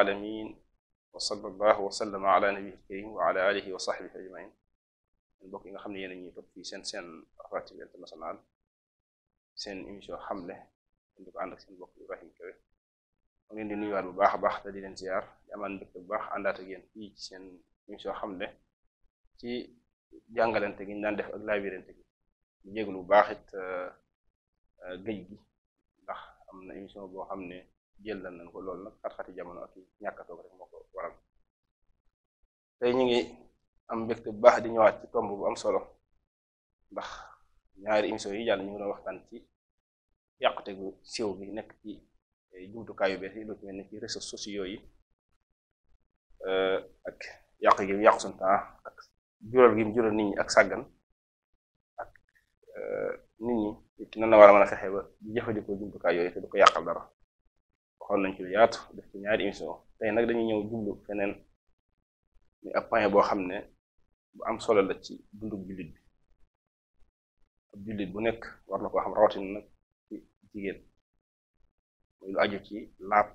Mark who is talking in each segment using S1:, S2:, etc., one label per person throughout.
S1: alamin wa sallallahu wa sallama ala nabihi karim wa ala alihi wa sahbihi ajmain mbokk yi nga xam ne yéen a ñuy topp fii seen seen Rafah TV international seen émission xamle di ko ànd ak seen mbokk Ibrahim Kebe ma ngeen di nuyuwaat bu baax a baax te di leen ziar di amaan mbégte bu baax àndaat ak yéen fii ci seen émission xamle ci jàngalante gi ñu daan def ak laabirante gi di jégalu bu baax it euh, euh, géej gi ndax am na émission boo xam ne jël jëlal nañ ko lool nag xat-xati jamono ak ñàkk a toog rek moo ko waral tey ñu ngi am mbégte bu baax di ñëwaat ci tomb bu am solo ndax ñaari émission yi jàll ñu ngi doon waxtaan ci yàqute gu siiw bi nekk ci jumtukaayu bees yi lu ci mel ni ci réseaux sociaux yi eh, ak yàq gi mu yàqu suñu temps ak nit ñi ak sàggan ak eh, nit ñi it nan la war a a fexe ba di jëfandikoo jumtukaay yooyu te du ko yàqal dara xool nañ ci lu yaatu def ci ñaari émission tey nag dañuy ñëw jublu feneen ni ab boo xam ne bu am solo la ci dundu jullit bi ab jullit bu nekk war na koo xam rawatina nag ci jigéen muy lu aju ci laab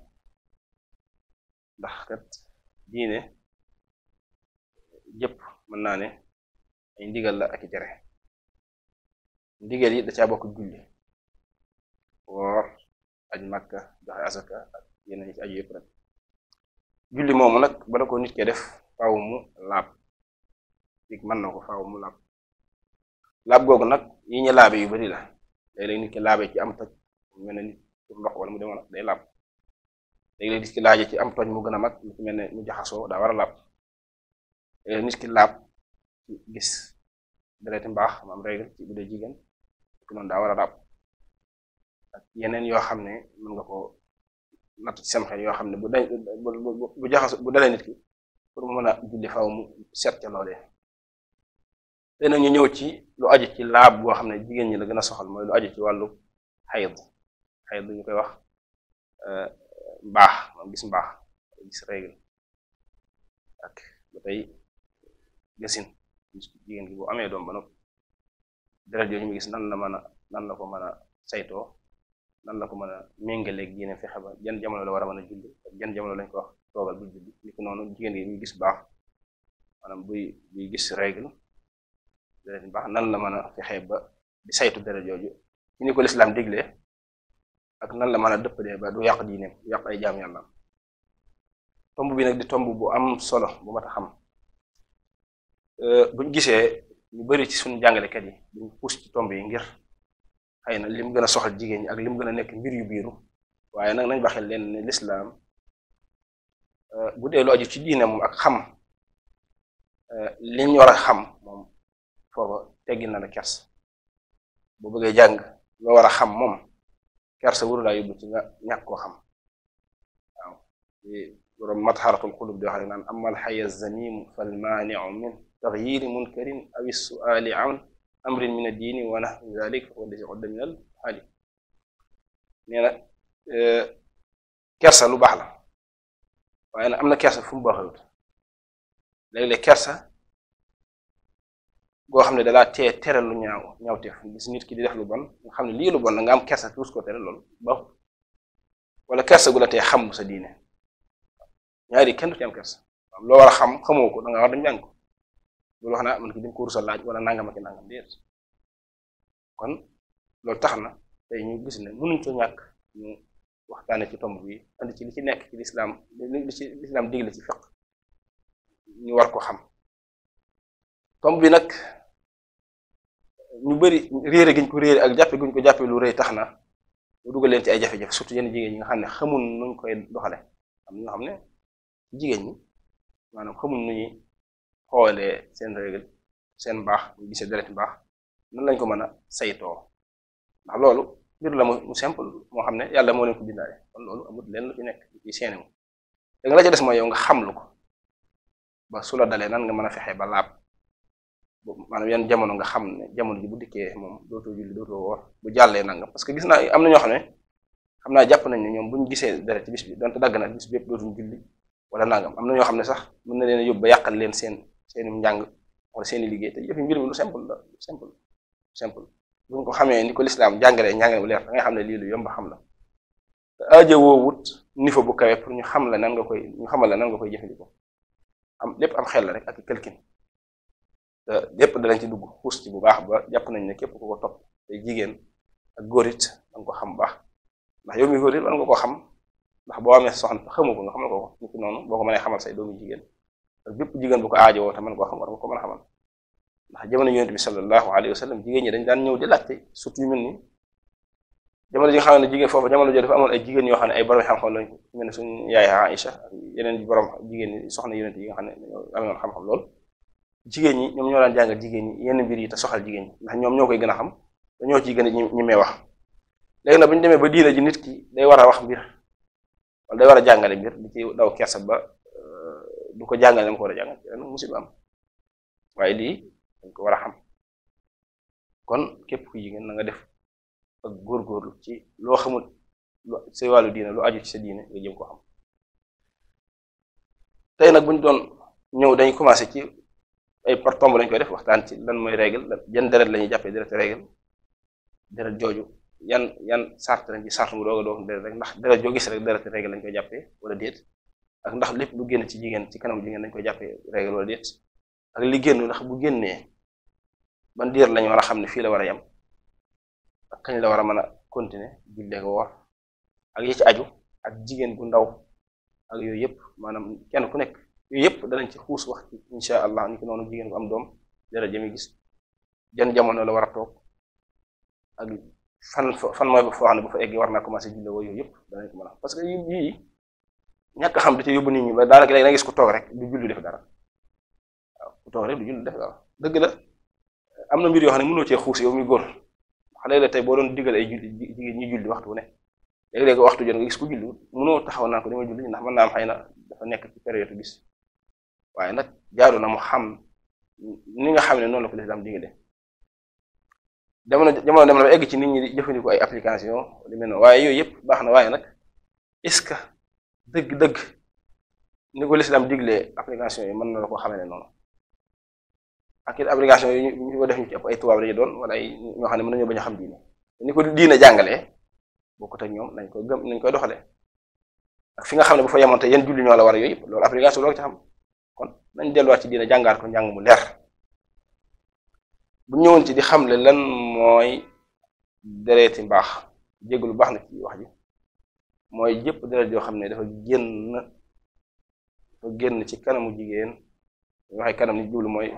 S1: ndax kat diine jëpp mën naa ne ay ndigal la ak i tere ndigal yi da caa bokk julli woor aj makka joxe asaka ak yeneen ci aju yëpp rek julli moomu nag bala ko nit ke def faaw laab fii mën na ko faaw mu laab laab googu nag yi ñu laabe yu bari la léeg-léeg nit ki laabe ci am toj mu mel ne nit pour ndox wala mu demoon day laab léeg-léeg nit ci am toj mu gën a mag mel ne jaxasoo daa wara a laab léeg-léeg nit ki laab gis dereti mbaax maam régal ci bu dee jigéen daa war laab ak yeneen yoo xam ne mun nga ko natt ci sama yoo xam ne bu day bu jaxas bu dalee nit ki pour mu mën a julli faaw mu seet ca loolee tey nag ñu ñëw ci lu aju ci laab boo xam ne jigéen ñi la gën a soxal mooy lu aju ci wàllu xayd xayd ñu koy wax euh, mbaax moom gis mbaax gis règle ak ba tey jigéen gi bu amee doom ba noppi deret jooju mu gis nan la mën a nan la ko mën a saytoo nan la ko mën a méngaleeg yeneen fexe ba jan jamono la war a mën a julli ak jamono lañ ko wax toogal bu julli ni noonu jigéen yi muy gis baax maanaam buy buy gis règle deret baax nan la mën a fexe ba di saytu deret jooju ci ni ko lislaam diglee ak nan la mën a dëppalee ba du yàq diineem du yàq ay jaam yàlla tomb bi nag di tomb bu am solo bu mat a xam euh, buñ gisee ñu bari ci suñu jàngalekat yi buñ puus ci tomb yi ngir xëy na lim gën a soxal jigéen ñi ak lim gën a nekk mbir yu biiru waaye nag nañ waxee leen ne lislaam euh, bu dee lu aju ci diine moom ak xam euh, liñ war a xam moom foofa teggil na la kers bu bëggee jàng loo war a xam moom kersa wuru laa yóbbu ci nga ñàkk koo xam waaw borom matxaratul xulub di wax naan amal xaya zamimu falmaaniu min taxyiri munkarin aw suali an amrin min ad-diini wa nahwi dhalik fa huwa llazi udda min al-hali nee na eh, kersa lu baax la waaye nag am na kersa fu mu baaxul léeg-léeg kersa goo xam ne dalaa tee tereelu lu ñaaw ñaawteef gis nit ki di def lu bon nga xam ne lii lu bon la nga am kersa tuus ko tere loolu baaxul wala kersa gu la tee xam sa diine ñaari kenn du ci kersa loo war a xam xamoo ko da war dem jàng ko loolu wax na man ki dim ko rusa laaj wala nangam ak nangam déet kon loolu tax na tey ñu gis ne mënuñ ko ñàkk ñu waxtaane ci tomb bi andi ci li ci nekk ci lislaam li ci digle ci fiq ñu war ko xam tomb bi nag ñu bari réere giñ ko réere ak jàppe guñ ko jàppe lu rëy tax na lu leen ci ay jafe-jafe surtout yenn jigéen ñi nga xam ne xamun nuñ koy doxale am na ñoo xam ne jigéen ñi maanaam xamun nuñu xoolee seen règle seen baax bu ñu gisee deret baax nan lañ ko mën a saytoo ndax loolu mbir la mu simple moo xam ne yàlla moo ne ko bindaale kon loolu amut leen lu fi nekk lu ciy seenewu da nga la ca des mooy yow nga xam lu ko ba su la dalee nan nga mën a fexe ba laab maanaam yan jamono nga xam ne jamono ji bu dikkee moom dootoo julli dootoo woor bu jàllee nanga parce que gis naa am na ñoo xam ne xam naa jàpp nañ ne ñoom buñ gisee deret ci bis bi donte dagg na bis bi yëpp dootuñ julli wala nangam am na ñoo xam ne sax mën na leen yóbbu ba yàqal leen seen seeni njàng wala seeni liggéey te yëfi mbir mi lu simple la lu simple simple buñ ko xamee ni ko lislaam jàngalee njàngale bu leer da nga xam ne lii lu yomb xam la aajo woowut niveau bu kawe pour ñu xam la nan nga koy xamal la nan nga koy jëfandikoo am lépp am xel la rek ak quelqu'un te lépp danañ ci dugg xuus ci bu baax ba jàpp nañ ne képp ku ko topp te jigéen ak góor it danga ko xam baax ndax yow mi góor nga ko xam ndax boo amee soxna xamoo ko nga xamal ko ko noonu boo ko mënee xamal say doomu jigéen ak bépp jigéen bu ko aajowoo te mën koo xam war nga ko mën a xamal ndax jamono yonent bi sallallahu alayhi wa jigéen ñi dañ daan ñëw di laajte surtout yu mel nii jamono ji nga xam ne jigéen foofu jamono jo dafa amoon ay jigéen yoo xam ne ay borom xam-xam lañ mel ne suñu yaay Aïcha ak borom jigéen ñi soxna yonent yi nga xam ne xam-xam lool jigéen ñi ñoom ñoo daan jàngal jigéen ñi yenn mbir yi te soxal jigéen ñi ndax ñoom ñoo koy gën a xam dañoo ciy gën a ñi mee wax léegi nag bu ñu demee ba diina ji nit ki day war a wax mbir wala day war a jàngale mbir di ci daw kersa ba du ko jàngal dama ko war a jàngal ren musiba waaye lii dañ ko war a xam kon képp ku jigéen na nga def ak góor góorlu ci loo xamul lu wàllu diina lu aju ci sa diine nga jëm ko xam tey nag bu ñu doon ñëw dañ commencé ci ay par tomb lañ koy def waxtaan ci lan mooy règle yan deret la ñuy jàppee deret règle deret jooju yan yan sart lañ ci sart mu doog a doog deret rek ndax deret joo gis rek deret règle lañ koy jàppee wala déet ak ndax lépp lu génn ci jigéen ci kanam jigéen dañ koy jàppee règle wala déet ak li génn ndax bu génnee ban diir lañ war a xam ne fii la war a yem ak kañ la war a mën a continuer jullee ak yi ci aju ak jigéen gu ndaw ak yooyu yëpp maanaam kenn ku nekk yooyu yëpp danañ ci xuus wax ci insha allah ni ko noonu jigéen am doom dara jëmi gis jan jamono la war a toog ak fan fan mooy ba foo xam ne fa eggee war na commencé jullee woo yooyu yëpp danañ ko mën a ñàkk xam da ci yóbbu nit ñi ba daanaka léegi da gis ku toog rek du julli def dara waaw ku toog rek du julli def dara dëgg la am na mbir yoo xam ne mënoo cee xuus yow mi góor xale la tey boo doon digal ay julli jigéen ñi julli waxtu bu waxtu jot nga gis ku julli mënoo taxaw naa ko dama julli ndax ma naa am na dafa nekk ci période bis waaye nag jaaru na mu xam ni nga xam ne noonu la ko lislaam digale jamono jamono dem na ba egg ci nit ñi di jëfandikoo ay application li mel noonu waaye yooyu yëpp baax na waaye nag est-ce dëgg-dëgg ni ko lislaam digle application yi mën na la ko xamee ne noonu ak it application yi ñu ko def ñu ci ëpp ay tubaab lañu doon wala ay ñoo xam ne mën nañoo bañ a xam diine ni ko diine jàngalee bokkut ak ñoom nañ koy gëm nañ koy doxalee ak fi nga xam ne bu fa yemoon te yan julli ñoo la war yooyu loolu application loo ci xam kon nañ delluwaat ci diine jàngaat ko njàng mu leer bu ñëwoon ci di xamle lan mooy dereeti mbaax jégg lu baax na ci wax ji mooy jëpp deret joo xam ne dafa génn dafa génn ci kanamu jigéen ñu waxee kanam ni jublu mooy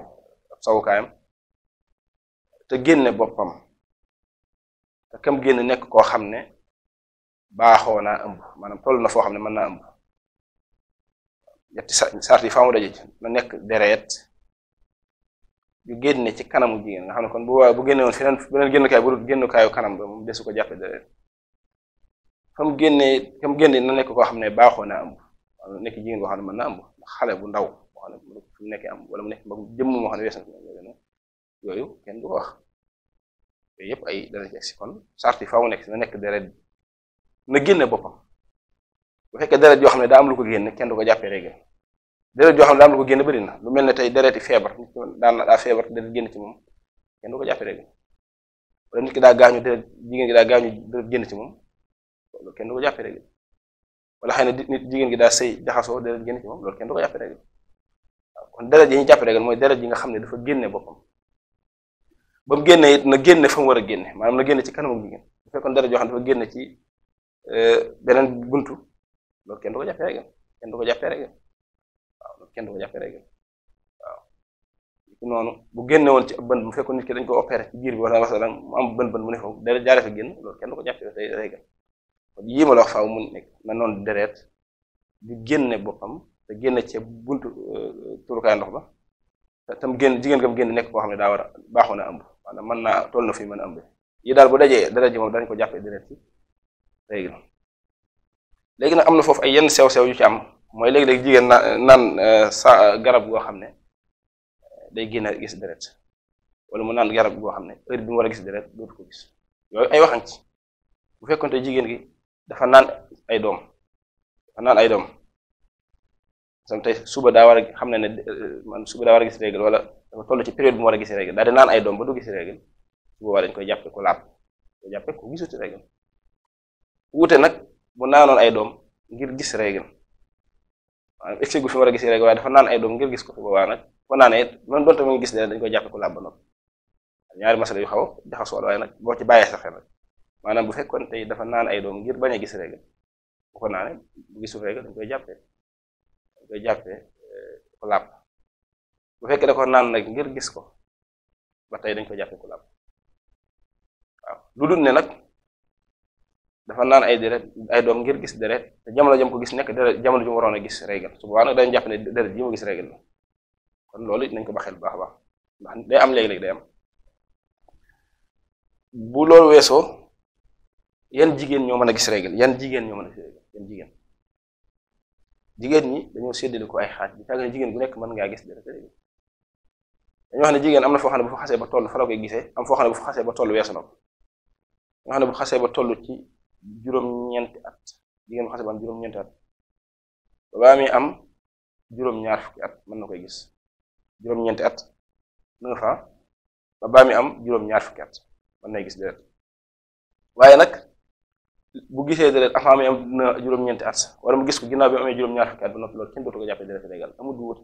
S1: sawukaayam te génne boppam te kam génn nekk koo xam ne baaxoo naa ëmb maanaam toll na foo xam ne mën naa ëmb ñetti sart yi faa mu daje na nekk deret yu génne ci kanamu jigéen nga xam ne kon bu bu génne woon feneen beneen génnukaayu bu dul génnukaayu kanam ba moom desu ko jàppe deret xam génnee xam génne na nekk koo xam ne baaxoo na am nekk jigéen boo xam ne mën na am xale bu ndaw boo xam ne fu am wala mu nekk mag jëmm moo xam ne weesu yooyu kenn du wax yooyu yëpp ay dana ci si kon sarti faaw nekk na nekk deret na génne boppam bu fekkee deret yoo xam ne daa am lu ko génne kenn du ko jàppee règle deret yoo xam ne daa na lu mel ne tey dereti feebar nit ki daan daa feebar deret génn ci moom kenn ko jàppee règle wala nit ki daa gaañu deret jigéen gi loolu kenn du ko jàppee règle wala xëy na jigéen gi daal sëy jaxasoo deret génn ci moom loolu kenn du ko jàppee règle kon deret yi ñu jàppee règle mooy deret yi nga xam ne dafa génne boppam ba mu it na génne fa mu war a génne maanaam na génne ci kanam kanamu jigéen bu fekkoon deret yoo xam ne dafa génne ci eh, beneen buntu loolu kenn du ko jàppee règle kenn du ko jàppee règle waaw loolu kenn du ko jàppee règle noonu bu genne woon ci ab bën bu fekkoon nit ki dañ ko opéré ci biir bi wala wasa mu am bën bën mu ne fa génn loolu kenn ko jàppee day kon yii ma la wax faaw mu nekk na noonu deret di génne boppam te génne ceeb buntu euh, turukaay ndox ba te tam génn jigéen gam génn nekk koo xam ne daa war a baaxoo na ëmb mën naa toll na fi mën a ëmb yi daal bu dajee deret ji moom dañ ko jàppee deret ci léegi léegi nag am na foofu ay yenn sew-sew yu ci am mooy léegi-léegi jigéen naan euh, sa euh, garab goo xam ne day génn gis deret wala mu naan garab goo xam ne heure bi mu a gis deret dootu ko gis yooyu ay waxan bu fekkonte jigéen gi dafa naan ay doom dafa naan ay doom sam tey suba daa war xam ne ne man suba daa war a gis règle wala dafa ci période bu mu war a gis règle daal di naan ay doom ba du gis règle su boobaa dañ koy jàppe ko laab koy jàppe ko gisuti règle wuute nag bu ay doom ngir gis règle maanaam egsi gu fi mu war a gis règle waaye ay doom ngir gis ko su boobaa nag ko naanee it man doonte mu ngi gis ne dañ koy jàppe ko ba noppi ñaari masala yu xaw jaxasoo waaye nag boo ci bàyyee sa xel maanaam bu fekkoon tey dafa naan ay doom ngir bañ a gis règle bu ko naanee bu gisul règle dañ koy jàppee dañ eh, bu fekkee da ko naan nag ngir gis ko ba tey dañ koy jàppee ku làpp lu dul ne nag dafa naan ay deret ay doom ngir gis deret te jamono jam ko gis nekk deret jamono ju mu waroon a gis règle su boobaa nag dañ jàpp ne deret ji mu gis règle la kon loolu nañ ko baxel bu baax baax ndax day am léeg-léeg day am bu loolu weesoo yan jigéen ñoo mën a gis règle yan jigéen ñoo mën a gis règle yan jigéen jigéen ñi dañoo séddale ko ay xaaj bi tàgg ne jigéen gu nekk mën ngaa gis dara dañoo xam ne jigéen am na foo xam ne bu fa xasee ba toll fa la koy gisee am foo xam ne bu fa xasee ba toll bu xasee ba toll ci juróom-ñeenti at jigéen bu xasee ba am juróom mi am juróom-ñaar fukki at mën na koy gis juróom-ñeenti at neuf fa ba baa mi am juróom-ñaar fukki at mën nay gis deret waaye nag bu gisee deret avant amee am na juróom-ñeenti at wala mu gis ko ginaaw bi mu amee juróom-ñaar fukki at ba noppi loolu kenn dootu ko jàppee deret légal amul du wut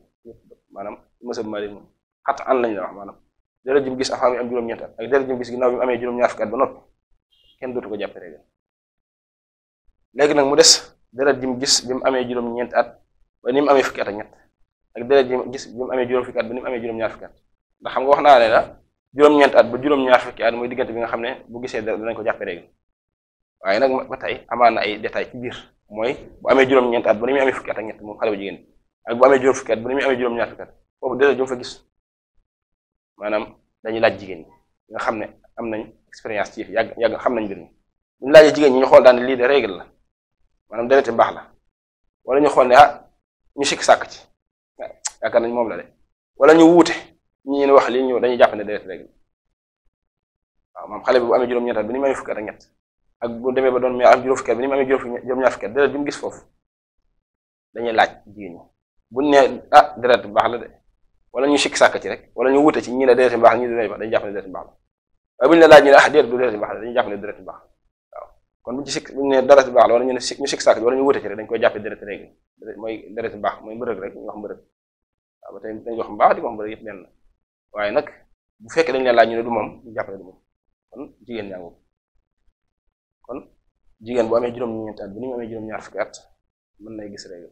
S1: maanaam mësab mali moom xat an lañ la wax maanaam deret ji mu gis avant muy am juróom-ñeenti at ak deret gis ginnaaw bi mu amee juróom-ñaar fukki at ba noppi kenn dootu ko léegi nag mu des deret ji mu gis bi mu amee juróom-ñeenti at ba ni mu amee fukki at ak ñett ak deret ji mu gis bi mu amee juróom xam nga wax naa ne la juróom-ñeenti at ba juróom-ñaar fukki at mooy diggante bi nga xam ne bu gisee deret danañ ko jàppee légal waaye nag ba tey amaan na ay détails ci biir mooy bu amee juróom-ñeent at ba ni muy amee fukki at ak ñett moom xale bu jigéen ak bu amee foofu dèjà jom fa gis maanaam dañuy laaj jigéen ñi nga xam ne am nañ expérience ci yàgg xam nañ mbir bu ñu jigéen ñi xool daal ne lii de la maanaam dereti mbaax la wala ñu xool ne ah ñu sikk sàkk nañ moom la wala ñu wuute ñi ñu wax li ñu dañuy jàpp ne deret règle waaw maam xale bi bu amee juróom-ñeent at ba ni muy amee fukki at ak ñett ak bu demee ba doon mu am juróom fukki at bi ni mu amee juróom-ñaar fukki at laaj ñi ne ah deret bu baax la de wala ñu sikk sàkk ci rek wala ñu wute ci ñu ne ah deret du deret bu baax la dañuy jàpp ne deret bu baax waaw kon buñ ci sikk buñ ñu ne sikk ñu sikk sàkk wala ñu wute ci rek dañ koy jàppee deret rek mooy deret bu baax mooy mbërëg rek ñu wax na bu fekkee dañ la laaj ñu ne du moom ñu jàpp ne du moom kon jigéen ñaa ngoog kon jigéen bu amee juróom-ñeenti at bu ni mu amee juróom-ñaar fukki at mën nay gis règle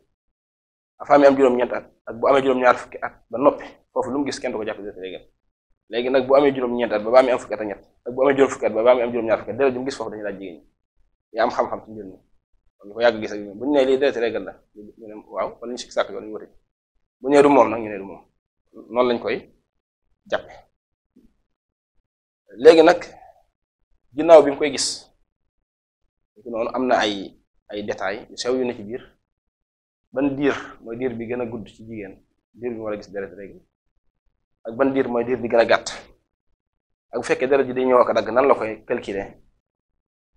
S1: afaam yi am juróom-ñeenti at ak bu amee juróom-ñaar fukki at ba noppi foofu lu mu gis kenn du ko jàpp def règle léegi nag bu amee juróom-ñeenti at ba ba amee am fukki ak ñett ak bu amee juróom fukki at ba ba amee am am xam-xam ci mbir mi kon ñu ko yàgg gis bu ñu nee lii deret règle waaw wala ñu sikk sàkk wala ñu bu ñëwee moom nag ñu ne du moom noonu lañ koy jàppe léegi nag ginnaaw bi mu koy gis niki noonu am na ay ay détails yu sew yu ne ci biir ban diir mooy diir bi gën a gudd ci jigéen diir bi war a gis deret règle ak ban diir mooy diir bi gën a gàtt ak bu fekkee deret ji day ñëw ak dagg nan la koy calculer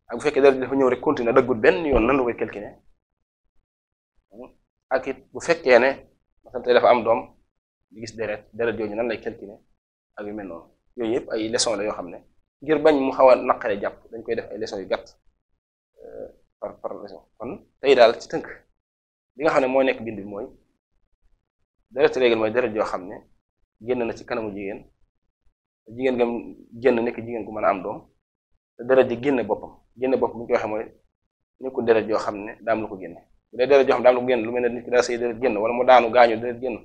S1: ak bu fekkee dafa ñëw rek continuer benn yoon nan koy calculer ak bu fekkee ne masan tey dafa am doom di gis deret deret jooju nan lay calculer ak yu mel noonu yooyu yëpp ay leçon la yoo xam ne ngir bañ mu xaw a naqare jàpp dañ koy def ay leçon yu gàtt par par raison kon tey daal ci tënk li nga xam ne mooy nekk bind bi mooy deret régal mooy deret joo xam ne génn na ci kanamu jigéen jigéen gam génn nekk jigéen ku mën a am doom te deret ji génne boppam génne boppam bu ñu ko waxee mooy nekkul deret joo xam ne daam lu ko génne bu dee deret joo xam daam lu ko génne lu mel ne nit ki daa say deret génn wala mu daanu gaañu deret génn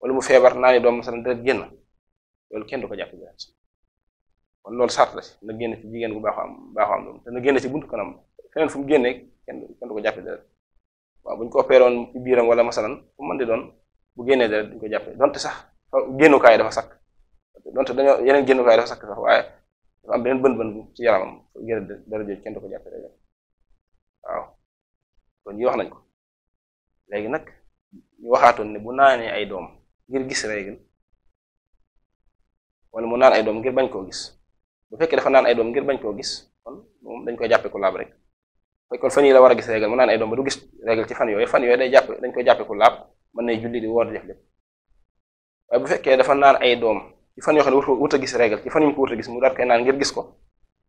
S1: wala mu feebar naa ni doom masalan deret génn loolu kenn du ko jàpp deret kon loolu sart la na génn ci jigéen gu baaxoo am baaxoo buntu kanam feneen fu mu kenn kenn du ko jàppee deret waaw bu ko opéré ci biiram wala masalan fu mën di doon bu génne deret duñ ko jàppee donte sax génnukaay dafa sakk donte dañoo yeneen génnukaay dafa sakk dafa am beneen bën-bën ci yaramam génn deret ko jàppee deret wax nañ ko léegi nag ñu waxaatoon ne bu naanee ay doom ngir gis règle wala mu naan ay doom ngir bañ koo gis bu fekkee dafa naan ay doom ngir bañ koo gis moom dañ koy jàppe ku laab rek mooy kon fan yi la war a gis régal mu naan ay doom ba du gis régal ci fan yooyu fan yooyu day jàpp dañ koy jàppe ku laab mën nay julli di woor di def lépp waaye bu fekkee dafa naan ay doom ci fan yoo xam ne wut a gis régal ci fan yu mu ko wut a gis mu naan ngir gis ko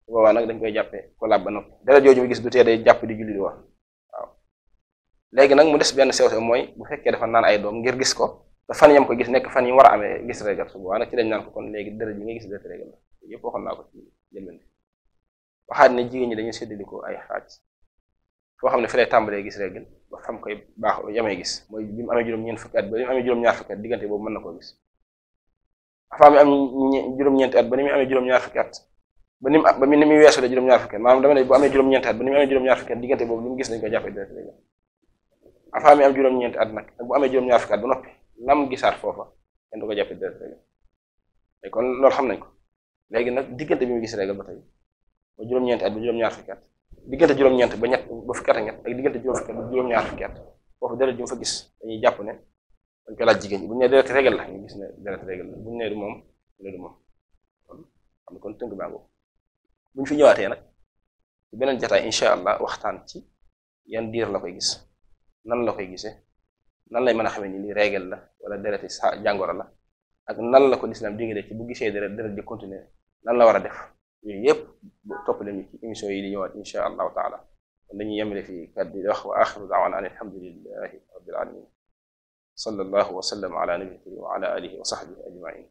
S1: boobaa nag dañ koy jàppe ku laab ba noppi dara gis du tee day jàpp di julli di woor léegi nag mu des benn sew sew mooy bu fekkee dafa naan ay doom ngir gis ko te fan yam ko gis nekk fan yi war a amee gis régal su boobaa nag ci dañ naan ko kon léegi dara ji nga gis dara régal la yëpp waxoon naa ko ci jëlbeen waxaat ne jigéen ñi dañu séddali ko ay xaaj foo xam ne fi lay tàmbalee gis règle ba xam koy baax yamee gis mooy bi mu amee juróom-ñeent fukki at ba ni mu amee at na koo am juróom-ñeenti at ba ni mu amee juróom-ñaar fukki at mu ba ni muy weesoo la juróom-ñaar fukki at maanaam dama amee juróom-ñeenti at ba ni mu amee juróom-ñaar fukki at diggante boobu li mu gis dañu ko jàppee direct règle amee juróom-ñaar fukki at ba noppi lam gisaat foofa kenn du ko jàppee direct kon loolu xam nañ ko léegi nag diggante bi mu gis règle ba tey ba juróom-ñeenti at ba juróom-ñaar fukki at diggante juróom-ñeent ba ñett ba fukki at ak ñett ak diggante juróom fukki ñaar fukki at foofu deret ju fa gis dañuy jàpp ne dañ jigéen ñi bu ñu nee deret régal ñu gis ne deret régal bu ñu nee du moom ne moom kon xam nga kon tënk baago bu ñu fi ñëwaatee nag beneen jataay incha allah waxtaan ci yan diir la koy gis nan la koy gisee nan lay mën a xamee nii lii régal la wala dereti sa jàngoro la ak nan la ko lislaam digalee ci bu gisee deret deret di continuer nan la war a def yooyu yëpp topp leen ci émission yi di ñëwaat insha allahu taala kon dañuy yemale fii kàddu yi wax wa axiru daawana an alhamdulillahi rabbil alamin sallallahu wa sallam ala nabihi wa ala alihi wa sahbihi ajmain